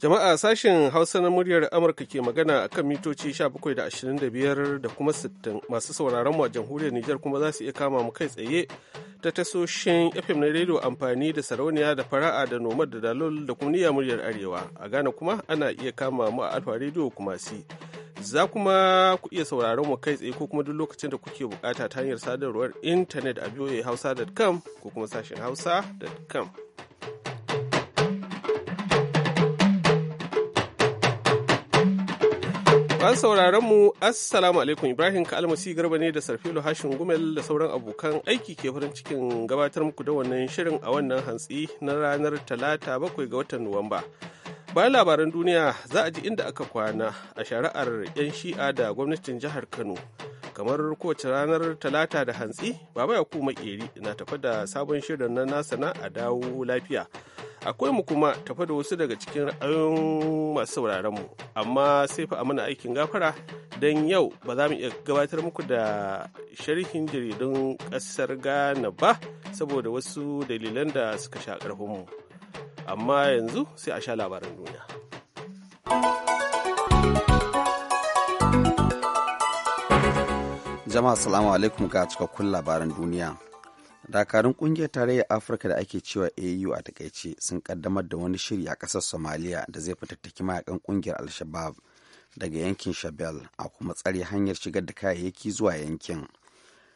Jama'a sashen Hausa na muryar Amurka ke magana a kan mitoci 17.25 da kuma 60 masu sauraron mu a jamhuriyar Nijar kuma za su iya kama mu kai tsaye ta tasoshin FM na rediyo amfani da sarauniya da fara'a da nomad da dalol da kuma muryar Arewa. A Ghana kuma ana iya kama mu a Alfa rediyo kuma si. Za kuma ku iya sauraron mu kai tsaye ko kuma duk lokacin da kuke bukata ta hanyar sadarwar intanet a voahausa.com ko kuma sashen hausa.com. Ban sauraron mu Assalamu alaikum Ibrahim ka garba ne da Sarfilo Hashin Gumel da sauran abokan aiki ke farin cikin gabatar muku da wannan shirin a wannan hantsi na ranar Talata bakwai ga watan Nuwamba. bayan labaran duniya za a ji inda aka kwana a shari'ar 'yan shi'a da gwamnatin jihar kano kamar kowace ranar talata da hantsi baba ya kuma eri na tafa da sabon shirin na nasa na a dawo lafiya akwai mu kuma tafa da wasu daga cikin ra'ayoyin masu sauraron mu amma sai fa a mana aikin gafara don yau ba za mu iya gabatar muku da sharhin jaridun ƙasar ghana ba saboda wasu dalilan da suka sha ƙarfin mu. amma yanzu sai a sha labaran duniya jama'a salamu alaikum ga cikakkun labaran duniya dakarun kungiyar tarayyar afirka da ake cewa au a takaice sun kaddamar da wani shiri a kasar somaliya da zai fitattaki mayakan kungiyar al-shabab daga yankin shabel a kuma tsare hanyar shigar da kayayyaki zuwa yankin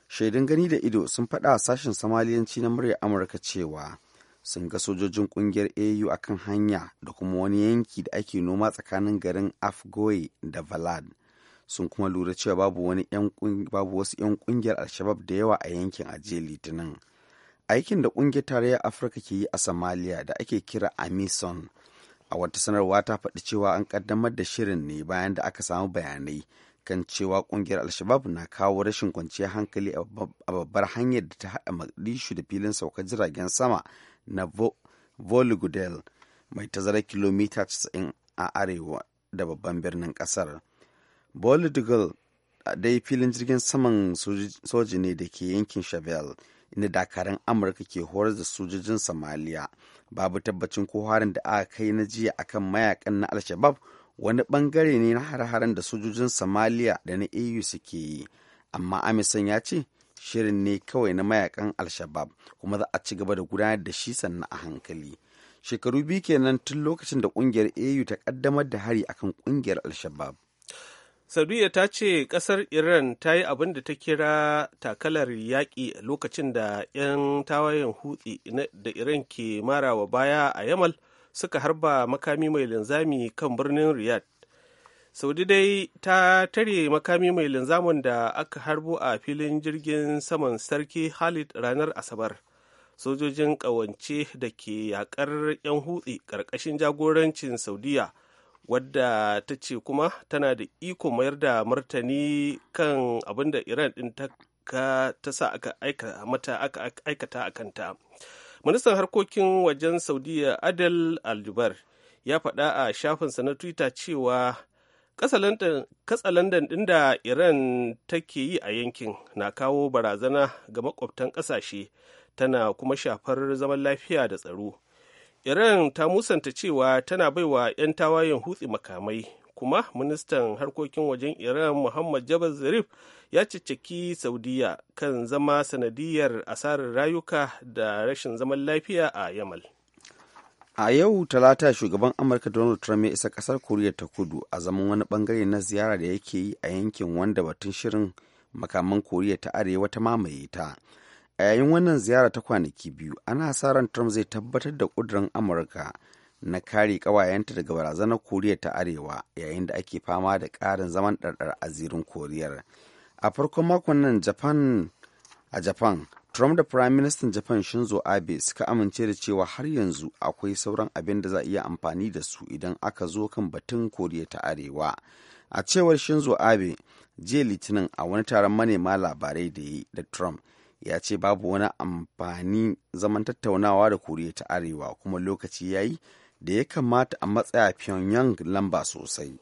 shaidun gani da ido sun faɗa a sashen somaliyanci na muryar amurka cewa sun ga sojojin kungiyar au a kan hanya da kuma wani yanki da ake noma tsakanin garin afgoye da valad sun kuma lura cewa babu wani babu wasu 'yan kungiyar alshabab da yawa a yankin ajiye litinin aikin da kungiyar tarayyar afirka ke yi a samaliya da ake kira amison a wata sanarwa ta faɗi cewa an ƙaddamar da shirin ne bayan da aka samu bayanai kan cewa kungiyar alshabab na kawo rashin kwanciyar hankali a babbar hanyar da ta haɗa magadishu da filin saukar jiragen sama na volgudel mai tazarar kilomita 90 a arewa da babban birnin kasar volgudel dai filin jirgin saman soji ne da ke yankin shavel inda dakarun amurka ke horar da sojojin samaliya babu tabbacin ko harin da aka kai na jiya akan mayakan na al shabaab wani bangare ne na har-haren da sojojin samaliya da na au suke yi amma amisan ya ce shirin ne kawai na mayakan al-shabab kuma za a ci gaba da gudanar da shi sannan a hankali shekaru biyu kenan tun lokacin da kungiyar au ta kaddamar da hari akan kungiyar al-shabab saudiya ta ce kasar iran ta yi abin da ta kira takalar yaƙi lokacin da 'yan tawayen hutsi da iran ke marawa baya a yamal suka harba makami mai linzami kan birnin riyadh saudi dai ta tare makami mai linzamin da aka harbo a filin jirgin saman sarki khalid ranar asabar sojojin ƙawance da ke yakar 'yan hutsi ƙarƙashin jagorancin saudiya wadda ta ce kuma tana da iko mayar da martani kan abinda iran ɗin ta sa aka aikata a kanta ministan harkokin wajen saudiya adel aljubar ya faɗa a shafinsa na twitter cewa katsalandan ɗin da iran take yi a yankin na kawo barazana ga makwabtan ƙasashe tana kuma shafar zaman lafiya da tsaro iran ta musanta cewa tana baiwa 'yan tawayen hutsi makamai kuma ministan harkokin wajen iran muhammad jabal zarif ya cicciki saudiya kan zama sanadiyar asarar rayuka da rashin zaman lafiya a yamal A yau talata shugaban Amurka Donald Trump ya isa ƙasar Koriya ta kudu a zaman wani bangare na ziyara da yake yi a yankin wanda batun shirin makaman Koriya ta arewa ta mamaye ta. A yayin wannan ziyara ta kwanaki biyu, ana sa ran Trump zai tabbatar da ƙudurin Amurka na kare ƙawayenta daga barazanar Koriya ta arewa yayin da ake fama da ƙarin zaman ɗarɗar a zirin Koriyar. A farkon makon nan Japan A Japan, Trump da Prime Minister Japan Shinzo Abe suka amince da cewa har yanzu akwai sauran abin da za a iya amfani da su idan aka zo kan batun Koriya ta Arewa. A cewar Shinzo Abe, jiya Litinin a wani taron manema labarai da yi da Trump ya ce babu wani amfani zaman tattaunawa da Koriya ta Arewa kuma lokaci ya yi da ya kamata a matsaya Pyongyang lamba sosai.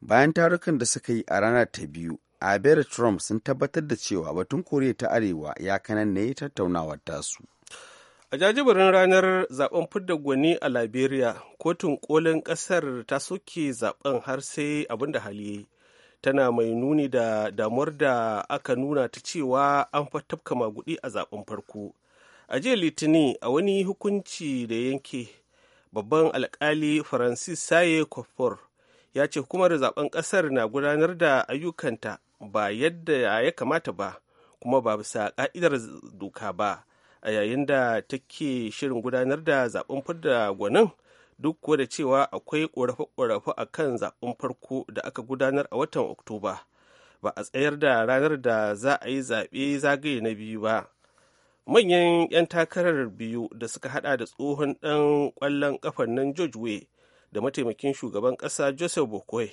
Bayan tarukan da suka yi a ranar ta biyu, Abera trump sun tabbatar da cewa batun koriya ta arewa ya kanan ne tattaunawar tasu a jajibirin ranar zaben fidda gwani a liberia kotun kolin kasar ta soke zaben har sai abin da hali tana mai nuni da damuwar da aka nuna ta cewa an fatabka magudi a zaben farko a jiya litinin a wani hukunci da yanke babban alkali francis saye kofor ya ce hukumar zaben kasar na gudanar da ayyukanta ba yadda ya kamata ba kuma ba bisa ka'idar doka ba a yayin da take shirin gudanar da zaben fidda gwanin duk kuwa da cewa akwai ƙorafe-ƙorafe a kan zaben farko da aka gudanar a watan oktoba ba a tsayar da ranar da za a yi zaɓe zagaye na biyu ba manyan 'yan takarar biyu da suka hada da tsohon ɗan ƙwallon kafan nan george way da mataimakin shugaban ƙasa joseph bokoi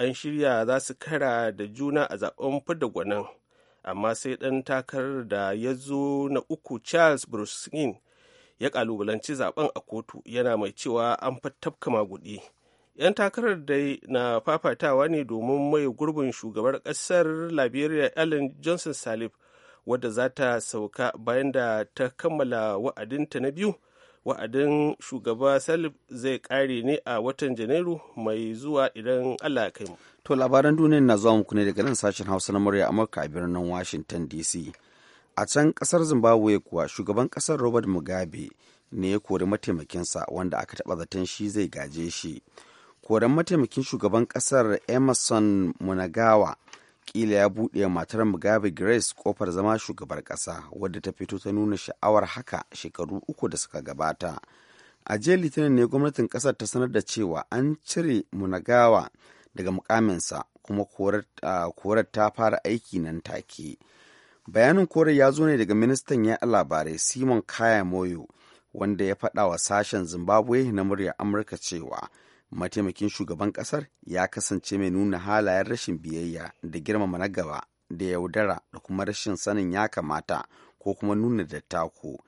an shirya za su kara da juna a zaben fidda gwanin amma sai ɗan takarar da ya zo na uku charles brusin ya kalubalanci zaben a kotu yana mai cewa an tafka magudi yan takarar dai na fafatawa ne domin mai gurbin shugabar ƙasar liberia ellen johnson salif wadda za ta sauka bayan da ta kammala wa'adinta na biyu wa'adin shugaba salif zai kare ne a watan janairu mai zuwa idan allah ya kai to labaran duniya na zuwa muku ne daga nan sashen hausa na murya amurka a birnin washington dc a can kasar zimbabwe kuwa shugaban kasar robert mugabe ne ya kori mataimakinsa wanda aka taɓa zaton shi zai gaje shi koren mataimakin shugaban kasar emerson munagawa kila ya buɗe matar mugabe grace kofar zama shugabar ƙasa wadda ta fito ta nuna sha'awar haka shekaru uku da suka gabata a jiya litinin ne gwamnatin ƙasar ta sanar da cewa an cire munagawa daga mukaminsa kuma korar ta fara aiki nan take bayanin korar ya zo ne daga ministan ya labarai simon kaya moyo wanda ya faɗa wa sashen zimbabwe na muryar amurka cewa mataimakin shugaban ƙasar ya kasance mai nuna halayen rashin biyayya da girmama na gaba da yaudara da kuma rashin sanin ya kamata ko kuma nuna dattako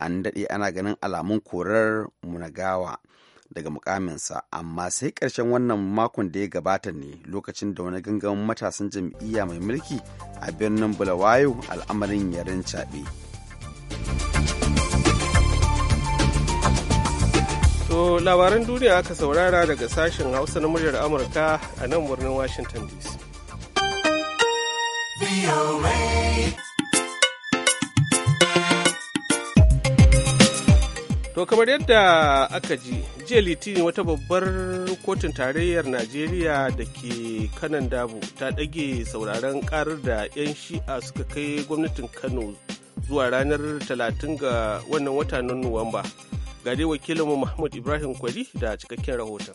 an daɗe ana ganin alamun korar munagawa daga mukaminsa amma sai ƙarshen wannan makon da ya gabata ne lokacin da wani gangamin matasan jam'iyya mai mulki a birnin bulawayo al'amarin yaren caɓe. To labaran duniya aka saurara daga sashen Hausa na muryar Amurka a nan birnin Washington DC. To kamar yadda aka ji, jiya litinin wata babbar kotun tarayyar Najeriya da ke kanan dabu ta ɗage sauraron karar da 'yan shi'a suka kai gwamnatin Kano zuwa ranar 30 ga wannan wata na Nuwamba. Ga dai wakilinmu Mahmud Ibrahim Kwari da cikakken rahoton.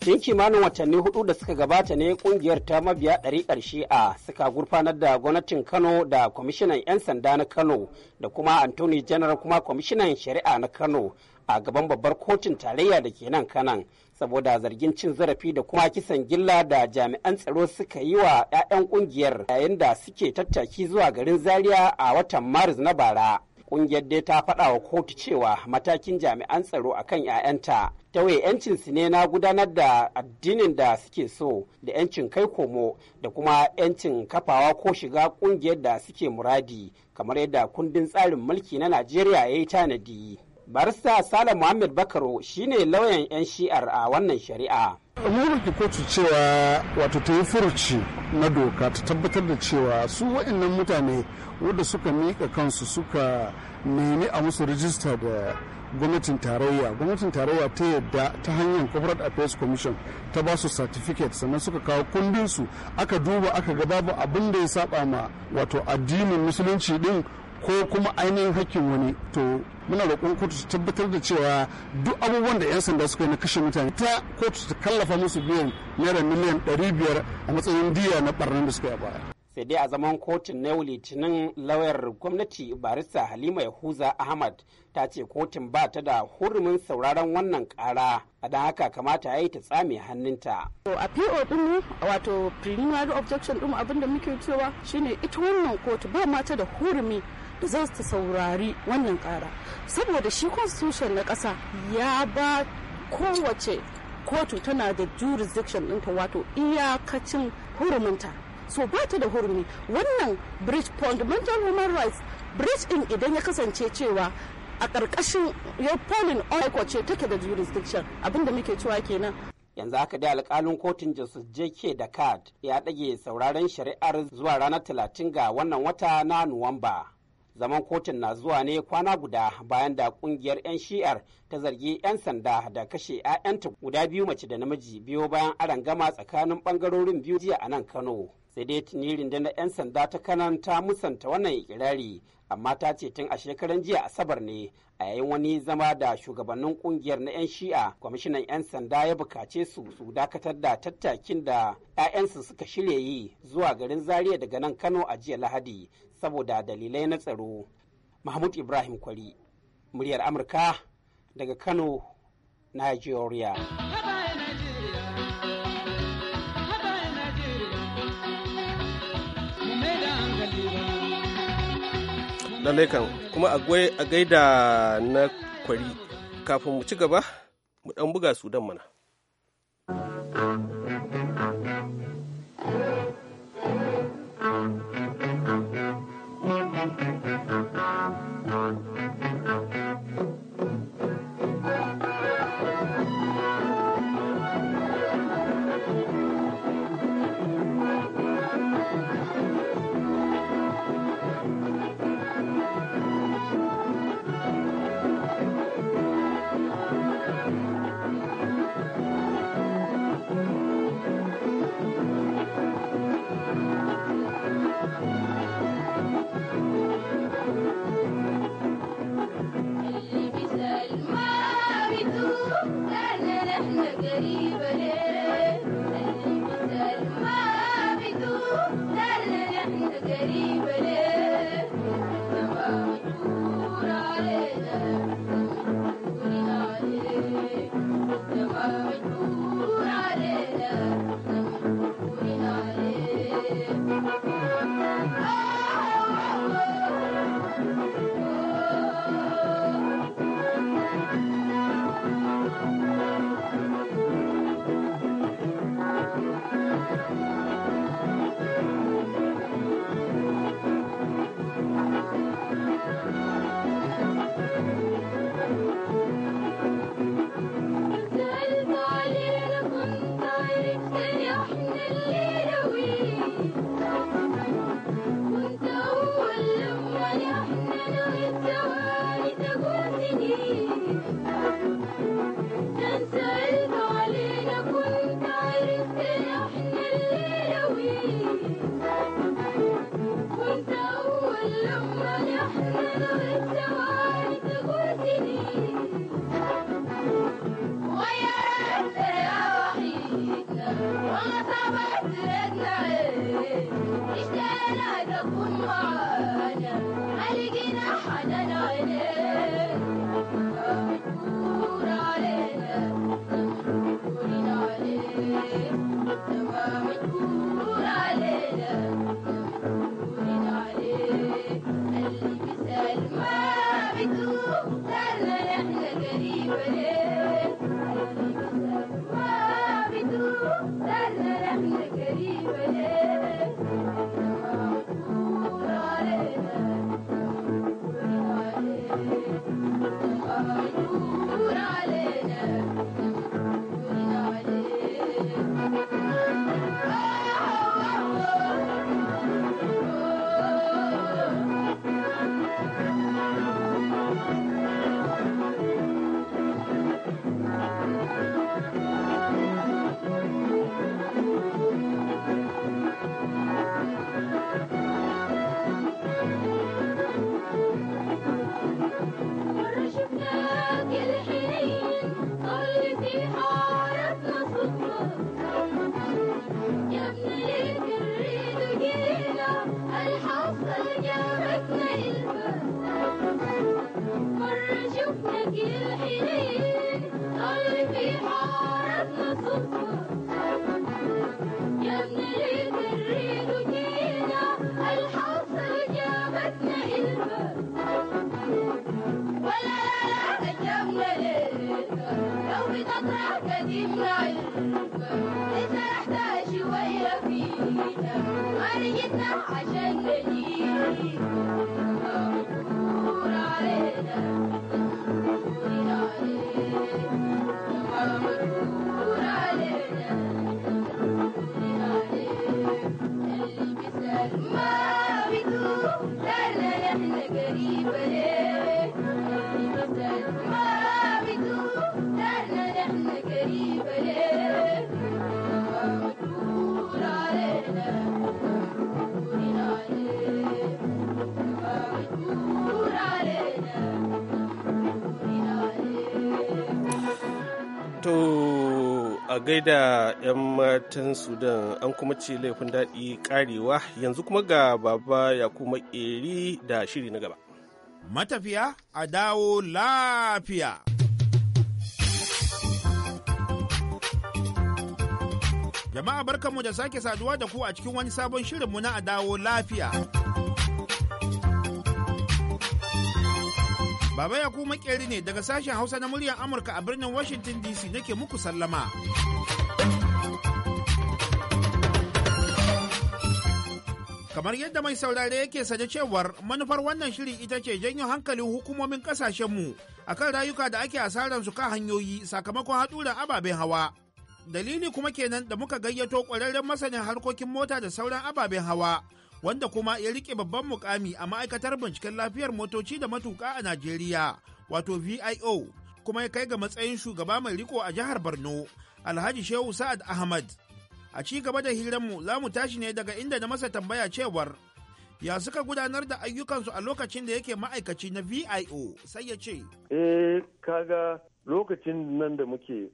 Tun kimanin watanni hudu da suka gabata ne kungiyar ta mabiya ɗari ƙarshe a suka gurfanar da gwamnatin Kano da kwamishinan 'yan sanda na Kano da kuma Anthony General kuma kwamishinan shari'a na Kano a gaban babbar kotun tarayya da ke nan kanan saboda zargin cin zarafi da kuma kisan gilla da jami'an tsaro suka yi wa 'ya'yan kungiyar yayin da suke tattaki zuwa garin zaria a watan maris na bara Ƙungiyar dai ta faɗa wa kotu cewa matakin jami'an tsaro a kan 'ya'yanta ta 'yancin su ne na gudanar da addinin da suke so da 'yancin kai komo da kuma 'yancin kafawa ko shiga ƙungiyar da suke muradi kamar yadda kundin tsarin mulki na Najeriya ya yi tanadi. Barista Sale Muhammad Bakaro shine lauyan 'yan shi'ar a wannan shari'a. mun ke kotu cewa wato ta yi furuci na doka ta tabbatar da cewa su waɗannan mutane wadda suka miƙa kansu suka nemi a musu rijista da gwamnatin tarayya gwamnatin tarayya ta yadda ta hanyar corporate affairs commission ta ba su certificate sannan suka kawo kundinsu aka duba aka ga babu abin da ya saba ma wato addinin musulunci din ko kuma ainihin hakkin wani to muna roƙon kotu ta tabbatar da cewa duk abubuwan da 'yan sanda suka yi na kashe mutane ta kotu ta kallafa musu biyan naira miliyan 500 a matsayin diya na barnan da suka yi baya. sai dai a zaman kotun na litinin lauyar gwamnati barista halima yahuza ahmad ta ce kotun ba ta da hurumin sauraron wannan kara a da haka kamata ya yi ta tsame hannunta. a po dinmu wato preliminary objection din abinda muke cewa shine ita wannan kotu ba mata da hurumi da za su saurari wannan kara saboda shi constitution na ƙasa ya ba kowace kotu tana da jurisdiction ɗinta wato iyakacin huruminta so ba ta da hurumi wannan bridge fundamental human rights bridge in idan ya kasance cewa a ƙarƙashin ya polin ce take da jurisdiction abinda muke cewa kenan yanzu haka dai alkalin kotun justice jk da card ya ɗage sauraron shari'ar zuwa ranar 30 ga wannan wata na nuwamba zaman kotun na zuwa ne kwana guda bayan da kungiyar 'yan shi'ar ta zargi 'yan sanda da kashe 'ya'yanta guda biyu mace da namiji biyo bayan aran gama tsakanin bangarorin biyu jiya a nan kano sai dai tunirin da na 'yan sanda ta kanan ta musanta wannan ikirari amma ta ce tun a shekaran jiya asabar ne a yayin wani zama da shugabannin kungiyar na 'yan shi'a kwamishinan 'yan sanda ya bukace su su dakatar da tattakin da 'ya'yansu suka shirya yi zuwa garin zaria daga nan kano a jiya lahadi saboda dalilai na tsaro mahmud ibrahim kwari muryar amurka daga kano nigeria lallai kuma a gaida na kwari kafin mu ci gaba mu ɗan buga su dan mana. Thank you. gaida 'yan matan Sudan an kuma ce laifin daɗi karewa yanzu kuma ga baba ya kuma eri da shiri na gaba. Matafiya a dawo lafiya. Jama'a barkanmu da sake saduwa da ku a cikin wani sabon shirinmu na a dawo lafiya. Baba ya makeri ne daga sashen Hausa na muryar Amurka a birnin Washington DC nake muku sallama. Kamar yadda mai saurare yake sade cewar manufar wannan shiri ita ce janyo hankalin hukumomin kasashenmu kan rayuka da ake asararsu kan hanyoyi sakamakon da ababen hawa. Dalili kuma kenan da muka gayyato ƙwararren masanin harkokin mota da sauran ababen hawa wanda kuma ya rike babban mukami a ma'aikatar binciken lafiyar motoci da matuka a Najeriya, wato VIO, kuma ya kai ga matsayin shugaba mai riko a jihar Borno, Alhaji Shehu Sa'ad Ahmad. A ci gaba da hiranmu za mu tashi ne daga inda na masa tambaya cewar, ya suka gudanar da ayyukansu a lokacin da yake ma'aikaci na VIO sai ya ce. Eh, kaga lokacin nan da muke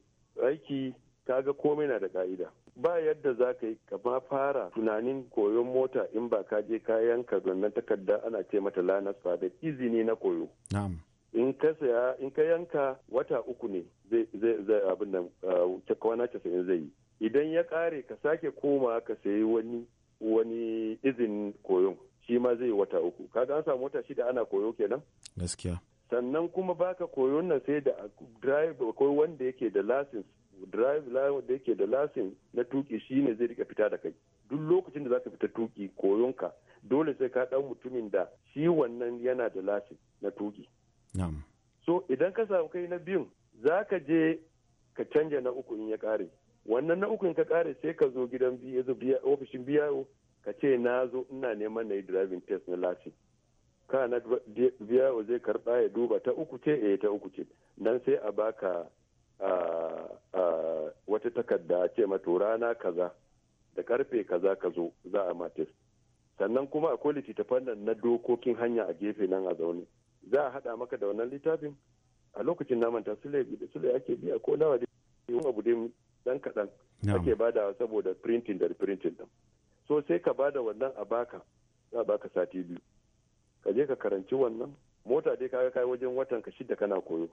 aiki kaga komai na da ka'ida ba yadda za ka yi ka fara tunanin koyon mota in ba ka je kayan ka wannan takarda ana ce mata lanas da izini na koyo in ka saya in ka yanka wata uku ne zai zai abin nan uh, kwana casa'in zai yi idan ya kare ka sake koma ka sayi wani wani izinin koyon shi ma zai wata uku kaga an samu wata shida ana koyo kenan gaskiya sannan kuma baka koyon nan sai da drive ko wanda yake da license drive line da yake da lasin na tuki shine zai rika fita da kai duk lokacin da zaka fita tuki koyonka dole sai ka dan mutumin da shi wannan yana da lasin na tuki so idan ka samu kai na biyun zaka je ka canja na uku in ya kare wannan na uku in ka kare sai ka zo gidan biya ofishin biya ka ce na zo ina neman na yi driving test na lasin na biya zai karba ya duba ta uku ce eh ta uku ce nan sai a baka ah, wata takarda ce mata rana kaza da karfe kaza ka zo za a matis sannan kuma akwai littattafan nan na dokokin hanya a gefe nan a zaune za a haɗa maka da wannan littafin a lokacin naman ta sule ake biya ko nawa da yi abu dai dan kaɗan ake bada saboda printing da reprinting din so sai ka bada wannan a baka za a baka sati biyu ka je ka karanci wannan mota dai kaga kai wajen watan ka shida kana koyo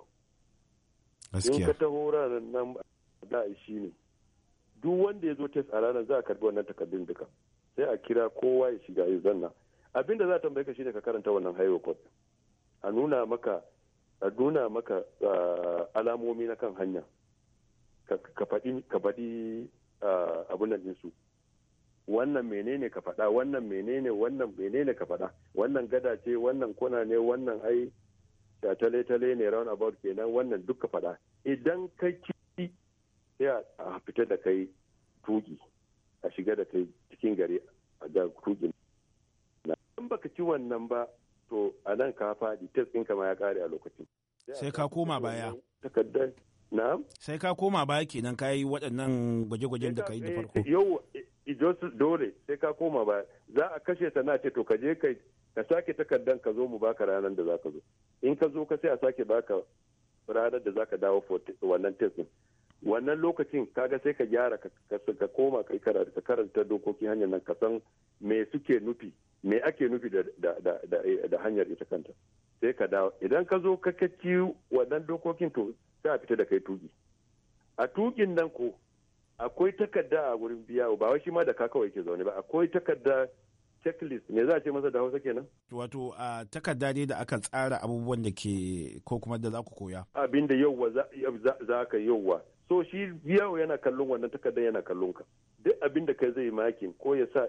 in ka taho ranar nan da a shi ne duk wanda ya zo test a ranar za a karbi wannan takardun duka sai a kira kowa ya shiga ya zanna abin da za a tambaye ka shine ka karanta wannan highway code a nuna maka a nuna maka ah, alamomi na kan hanya ka faɗi ka faɗi ah, abin nan su wannan menene ka faɗa wannan menene wannan menene ka faɗa wannan gada ce wannan kuna ne wannan ai da tale-tale ne roundabout kenan wannan duka fada idan ka ci sai a fita da kai tuki a shiga da kai cikin gari da tuki na in baka ci wannan ba to a nan ka faɗi tes ɗinka ma ya ƙare a lokacin sai ka koma baya takaddar na sai ka koma baya kenan ka yi waɗannan gwaje-gwajen da ka yi da farko yau dole sai ka koma baya za a kashe ta na ce to ka je kai ka sake takardan ka zo mu baka ranar da za ka zo in ka zo ka sai a sake baka ranar da zaka dawo wannan test din wannan lokacin kaga sai ka gyara ka koma ka karanta dokokin hanyar nan ka san me suke nufi me ake nufi da hanyar ita kanta sai ka dawo idan ka zo ka kaci wannan dokokin to sai a fita da kai tuki a tukin nan ko akwai takarda a wurin biya ba wai shi ma da ka kawai ke zaune ba akwai takarda checklist me za a ce masa da hausa kenan wato a takarda ne da aka tsara abubuwan da ke ko kuma da za ku koya abin da yauwa za ka yauwa so shi yawo yana kallon wannan takardar yana kallon ka duk abin da kai zai makin ko ya sa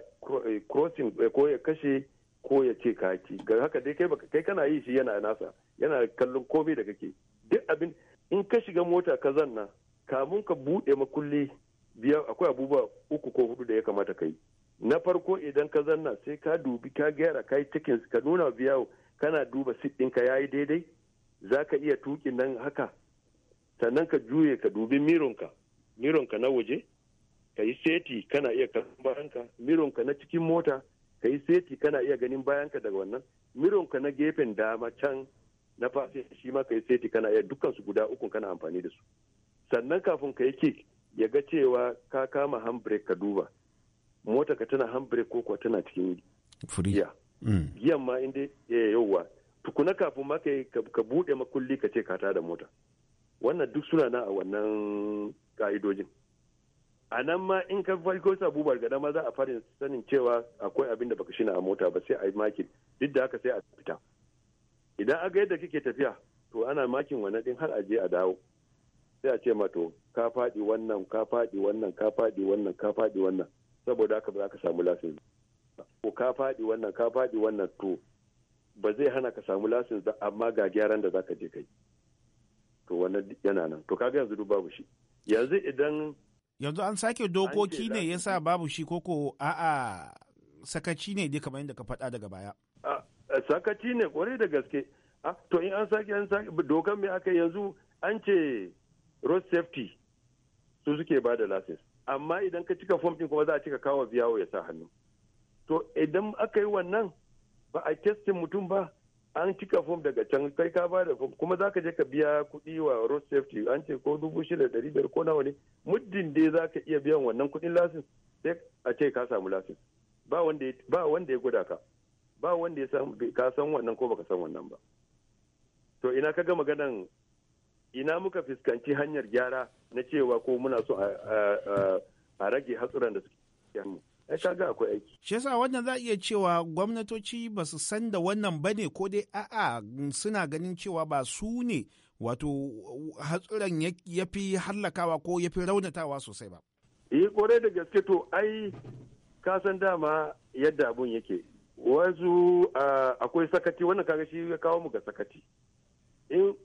eh, crossing eh, ko ya kashe ko ya ce ka haki ga haka dai kai baka kai kana yi shi yana nasa yana kallon komai da kake duk abin in ka shiga mota ka zanna kamun ka bude makulli biya akwai abubuwa uku ko hudu da ya kamata ka yi na farko idan ka zanna sai ka dubi ka gyara ka yi cikin ka nuna biyawo kana duba sit ɗinka ya yi daidai za ka iya tuki nan haka sannan ka juye ka dubi mironka mironka na waje ka yi seti kana iya kallon bayanka mironka na cikin mota ka yi seti kana iya ganin bayanka daga wannan mironka na gefen dama can na fasin shi ma ka yi seti kana iya dukkan su guda ukun kana amfani da su sannan kafin ka yi kick ya ga cewa ka kama handbrake ka duba mota ka tana hambre ko kuwa tana cikin giya mm. giyan ma inda ya eh, yauwa tukuna kafin ma ka bude makulli ka ce ka da mota wannan duk suna na a wannan ka'idojin a nan ma in ka farko sabu gada ma za a fara sanin cewa akwai abin da baka shina a mota ba sai a yi makin duk da haka sai a fita idan aga yadda kike tafiya to ana makin wannan din har a je a dawo sai a ce ma to ka faɗi wannan ka faɗi wannan ka faɗi wannan ka faɗi wannan saboda haka ba za ka samu lasin ko ka faɗi wannan ka faɗi wannan to ba zai hana ka samu lasin da amma ga gyaran da za ka je kai to wannan yana nan to kaga yanzu duk babu shi yanzu idan yanzu an sake dokoki ne yasa babu shi koko a'a sakaci ne dai kamar yadda ka faɗa daga baya sakaci ne kwarai da gaske to in an sake an sake dokan me aka yanzu an ce road safety su suke ba da license amma idan ka cika fom ɗin kuma za a cika kawo biya ya sa hannu to idan aka yi wannan ba a testin mutum ba an cika fom daga can kai ka ba da fom kuma za ka je ka biya kuɗi wa road safety an ce ko dubu shida ɗari biyar ko nawa ne muddin dai za ka iya biyan wannan kuɗin lasin sai a ce ka samu lasin ba wanda ya gwada ka ba wanda ya ka san wannan ko baka san wannan ba to ina ka ga maganan ina muka fuskanci hanyar gyara na cewa ko muna so a rage hatsuran da suke mu ai kaga akwai aiki shi yasa wannan za iya cewa gwamnatoci ba su san da wannan bane ko dai a'a suna ganin cewa ba su ne wato hatsuran ya fi hallakawa ko ya fi raunatawa sosai ba eh kore da gaske to ai ka san dama yadda abun yake wasu akwai sakati wannan kaga shi ya kawo mu ga sakati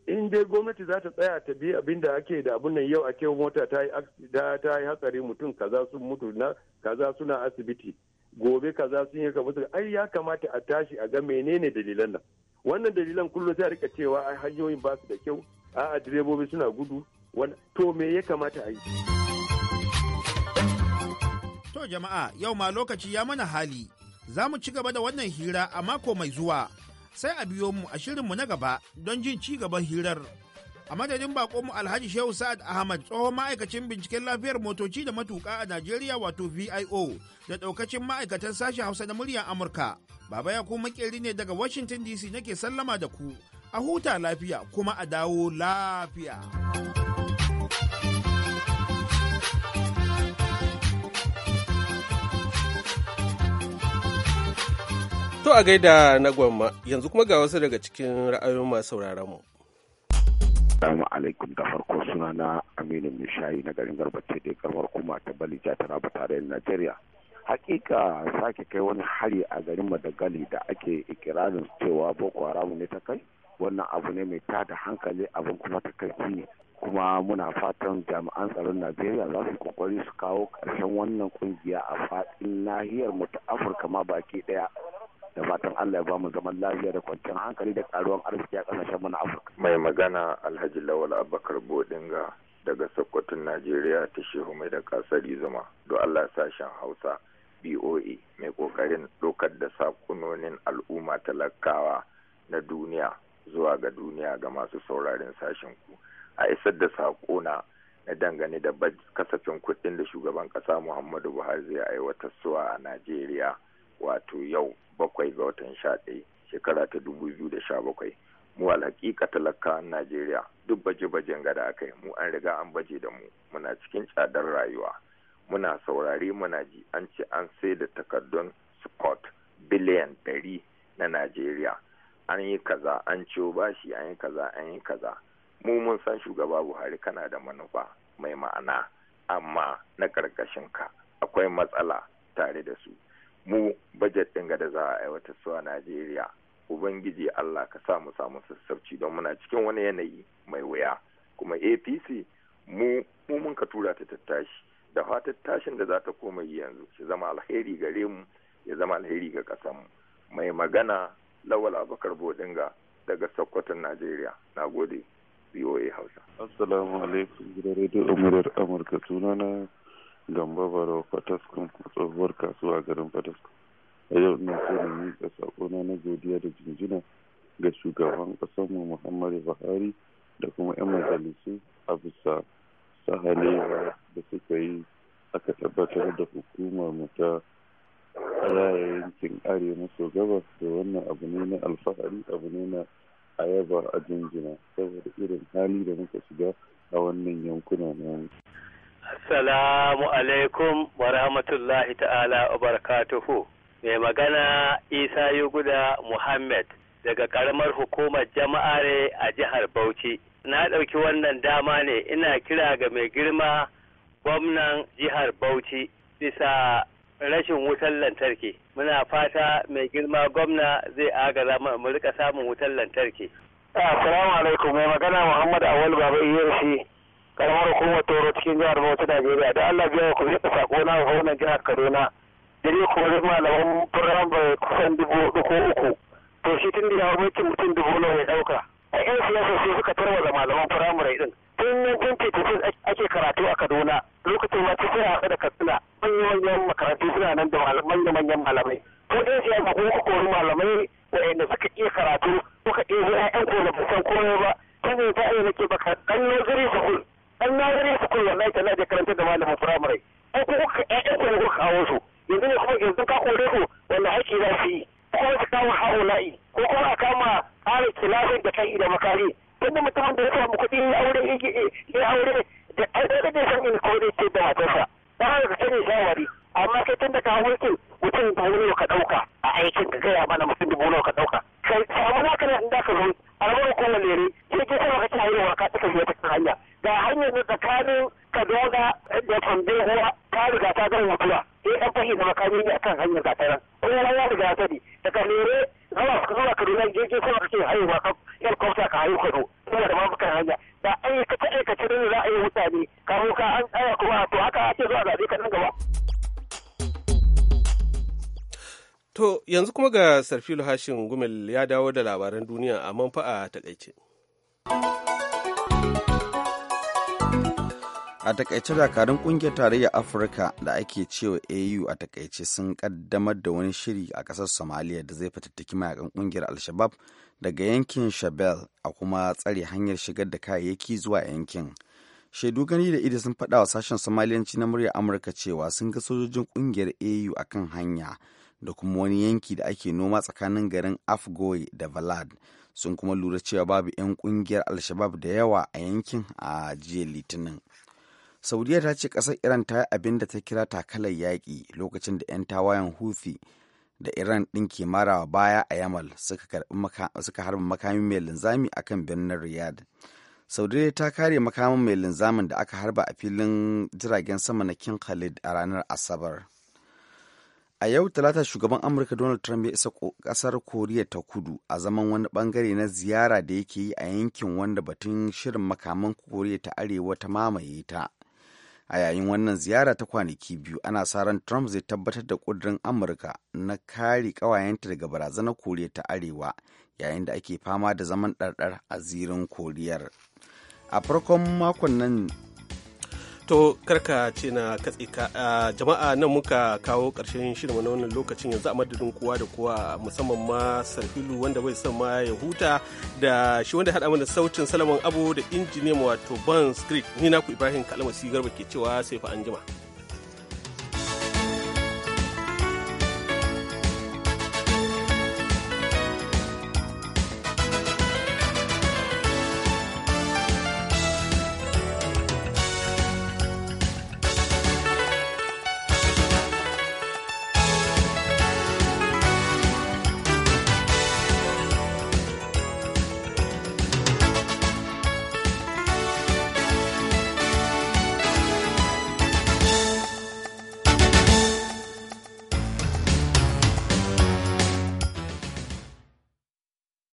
in dai gwamnati za ta tsaya ta bi abin da ake da abin nan yau a ce mota ta yi hatsari mutum kaza sun mutu na kaza suna asibiti gobe kaza sun yi kamar ai ya kamata a tashi a ga menene dalilan nan wannan dalilan kullum sai rika cewa ai hanyoyin ba su da kyau a'a direbobi suna gudu to me ya kamata a yi to jama'a yau ma lokaci ya mana hali za mu ci gaba da wannan hira a mako mai zuwa sai a biyo mu a shirinmu na gaba don jin ci gaban hirar. A madadin mu Alhaji Shehu Sa'ad Ahmad tsohon ma'aikacin binciken lafiyar motoci da matuka a Najeriya wato VIO da ɗaukacin ma'aikatan sashen Hausa na muryar Amurka. Baba ya kuma makeri ne daga Washington DC nake sallama da ku. A huta lafiya kuma a dawo lafiya. To a gaida na gwamma yanzu kuma ga wasu daga cikin ra'ayoyin masu sauraron mu. Assalamu alaikum da farko suna na Aminu Mishayi na garin ce da garmar kuma ta Balija ta Raba da Najeriya. Hakika sake kai wani hari a garin Madagali da ake ikirarin cewa Boko Haram ne ta kai wannan abu ne mai tada hankali abin kuma ta kai ne kuma muna fatan jami'an tsaron najeriya za su kokari su kawo karshen wannan kungiya a faɗin nahiyar mu ta afirka ma baki ɗaya da fatan Allah ya ba mu zaman lafiya da kwanciyar hankali da karuwan arziki a ƙasashen mu Afirka. Mai magana Alhaji Lawal Abubakar Bodinga daga Sokoton Najeriya ta Shehu Mai da kasar Zuma do Allah sashen Hausa BOA mai kokarin dokar da sakunonin al'umma talakawa na duniya zuwa ga duniya ga masu sauraren sashen ku a isar da sako na na dangane da kasafin kuɗin da shugaban ƙasa Muhammadu Buhari zai aiwatar suwa a Najeriya. wato yau bakwai ga watan sha ɗaya shekara ta dubu biyu da sha bakwai mu alhaƙiƙa talaka najeriya duk baje-bajen gada aka yi mu an riga an baje da mu muna cikin tsadar rayuwa muna saurare muna ji an ce an sai da takardun spot biliyan ɗari na najeriya an yi kaza an ciwo bashi an yi kaza an yi kaza mu mun san shugaba buhari kana da manufa mai ma'ana amma na ƙarƙashin ka akwai matsala tare da su mu bajet ɗin da za a aiwatar su a Najeriya Ubangiji Allah ka sa mu samu sassauci don muna cikin wani yanayi mai wuya kuma APC mu mu mun ka tura ta tattashi da fatan tashin da za ta koma yi yanzu ya zama alheri gare mu ya zama alheri ga ƙasanmu mai magana lawal abakar bodinga daga sokoton najeriya na gode voa hausa assalamu alaikum gidan rediyo amurka sunana gamba barawa fataskun tsohuwar kasuwa garin fataskun a yau ina so na miƙa saƙona na godiya da jinjina ga shugaban ƙasarmu muhammadu buhari da kuma 'yan majalisu a bisa sahalewa da suka yi aka tabbatar da hukumar mu ta raya yankin arewa maso gabas da wannan abu ne na alfahari abu ne na ayaba a jinjina saboda irin hali da muka shiga a wannan yankuna na Assalamu alaikum wa rahmatullahi ta'ala wa barakatuhu. Mai magana Isa Yuguda Muhammad daga karamar hukumar jama'are a jihar Bauchi. Na ɗauki wannan dama ne ina kira ga mai girma gwamnan jihar Bauchi bisa rashin wutar lantarki. Muna fata mai girma gwamna zai agaza mu rika samun wutar lantarki. Assalamu alaikum mai magana Muhammad Awal Baba Iyarshi karamar hukumar toro cikin jihar bauchi najeriya da allah biya ku zai sako na gwamnan jihar kaduna da ne kuma zai malaman program bai kusan dubu hudu ko uku to shi tun da ya mulkin mutum dubu nawa ya dauka a yan siyasa sai suka tarwa da malaman firamare din tun nan tun tetitin ake karatu a kaduna lokacin ma suna haɗa da katsina manyan makarantu suna nan da manyan malamai ko yan siyasa ko ku kori malamai waɗanda suka iya karatu suka iya ƴan ko da san komai ba tun da ta iya nake baka ɗan nazari da an na gani su koyi ita tana je karanta da malamin firamare ai ko kuka ƴaƴan ku ne kuka kawo su yanzu ne kuma yanzu ka kore ku wanda haƙƙi za su yi ko kuma su kama yi ko kuma a kama ƙara kilafin da kai da makari tunda mutumin da ya samu kuɗi ya aure ya aure da ai da da san in kore ce da matarsa ba ka sani shawari amma kai da ka hawo mutum ba wani ga sarfilu hashin gumel ya dawo da labaran duniya a manfa a takaice a takaice dakarun kungiyar tarayyar afirka da ake cewa au a takaice sun kaddamar da wani shiri a kasar somaliya da zai fatattaki mayakan kungiyar alshabab daga yankin shabel a kuma tsare hanyar shigar da kayayyaki zuwa yankin shaidu gani da idi sun faɗa wa sashen somaliyanci na murya amurka cewa sun ga sojojin kungiyar au a kan hanya da kuma wani yanki da ake noma tsakanin garin afgoy da valad sun kuma lura cewa babu 'yan kungiyar alshabab da yawa a yankin a jiya litinin saudiya ta ce kasar iran ta yi abin da ta kira takalar yaƙi lokacin da 'yan tawayen hufi da iran ɗin ke marawa baya a yamal suka harba makamin mai linzami a kan birnin riyad saudiya ta kare makamin mai linzamin da aka harba a filin jiragen sama na king khalid a ranar asabar A yau talata shugaban Amurka Donald Trump ya isa kasar Koriya ta kudu a zaman wani bangare na ziyara da yake yi a yankin wanda batun shirin makaman Koriya ta arewa ta mamaye ta. A yayin wannan ziyara ta kwanaki biyu ana sa ran Trump zai tabbatar da ƙudurin Amurka na kare ƙawayenta daga barazanar Koriya ta arewa yayin da ake fama da zaman ɗarɗar a zirin Koriyar. A farkon makon nan To karka ce na katse ka jama'a nan muka kawo ƙarshen shirin na wannan lokacin yanzu a madadin kowa da kowa musamman ma Sarfilu wanda bai san ma ya huta da shi wanda haɗa mana sautin Salaman Abu da injiniyan wato ban Creek ni naku Ibrahim Kalmasi Garba ke cewa sai fa anjima. jima.